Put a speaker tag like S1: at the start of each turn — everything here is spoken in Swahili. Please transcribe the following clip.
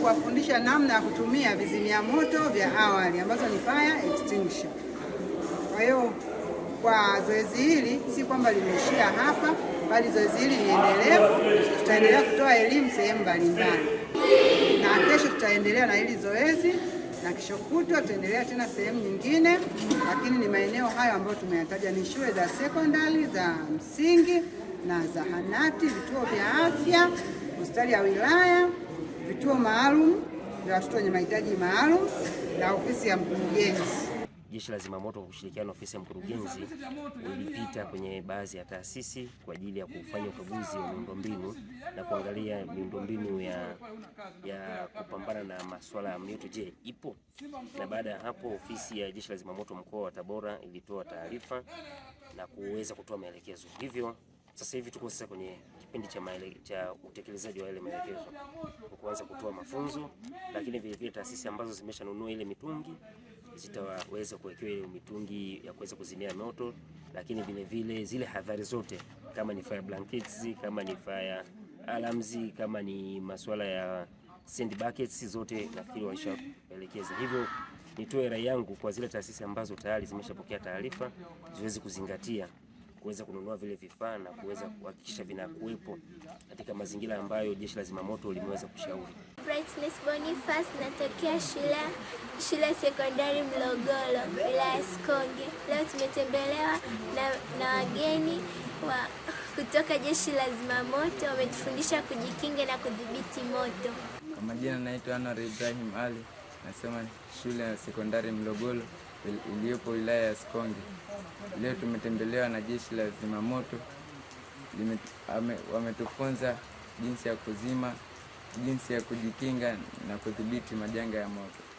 S1: kuwafundisha namna ya kutumia vizimia moto vya awali ambazo ni fire extinguisher. Kwa hiyo kwa zoezi hili si kwamba limeishia hapa, bali zoezi hili ni endelevu. Tutaendelea kutoa elimu sehemu mbalimbali, na kesho tutaendelea na hili zoezi na kesho kutwa tutaendelea tena sehemu nyingine, lakini ni maeneo hayo ambayo tumeyataja ni shule za sekondari, za msingi na zahanati, vituo vya afya, hospitali ya wilaya vituo maalum vya watoto wenye mahitaji maalum na ofisi ya mkurugenzi.
S2: Jeshi la Zimamoto kwa kushirikiana na ofisi ya mkurugenzi ilipita kwenye baadhi ya taasisi kwa ajili ya kufanya ukaguzi wa miundombinu na kuangalia miundombinu ya, ya kupambana na masuala ya mioto, je, ipo? Na baada ya hapo ofisi ya Jeshi la Zimamoto mkoa wa Tabora ilitoa taarifa na kuweza kutoa maelekezo. Hivyo sasa hivi tuko sasa kwenye kipindi cha, cha utekelezaji wa yale maelekezo kuanza kutoa mafunzo, lakini vile vile taasisi ambazo zimeshanunua ile mitungi zitaweza kuwekewa ile mitungi ya kuweza kuzimia moto, lakini vile vile zile hadhari zote kama ni fire blankets, kama ni fire alarms, kama ni masuala ya sand buckets, zote nafikiri washaelekeza Hivyo nitoe rai yangu kwa zile taasisi ambazo tayari zimeshapokea taarifa ziweze kuzingatia kuweza kununua vile vifaa na kuweza kuhakikisha vinakuwepo katika mazingira ambayo jeshi la zimamoto limeweza kushauri.
S3: Brightness Boniface, natokea shule shule sekondari Mlogolo, wilaya Sikonge. Leo tumetembelewa na, na wageni wa kutoka jeshi la zimamoto, wametufundisha kujikinga na kudhibiti moto.
S4: Kwa majina naitwa Anwar Ibrahim Ali, nasema shule ya sekondari Mlogolo iliyopo wilaya ya Sikonge. Leo tumetembelewa na jeshi la zimamoto, wametufunza jinsi ya kuzima, jinsi ya kujikinga na kudhibiti majanga ya moto.